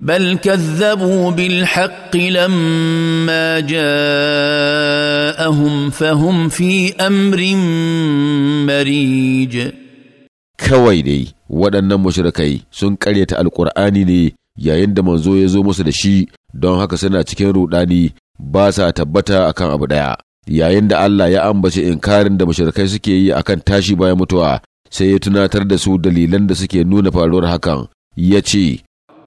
بل كذبوا بالحق لما جاءهم فهم في امر مريج kawai dai waɗannan mashirikai sun ƙaryata alƙur'ani ne yayin da manzo ya zo musu da shi don haka suna cikin ruɗani ba sa tabbata kan abu ɗaya yayin da Allah ya ambace inkarin da mashirikai suke yi akan tashi bayan mutuwa sai ya tunatar da su dalilan da suke nuna faruwar hakan ya ce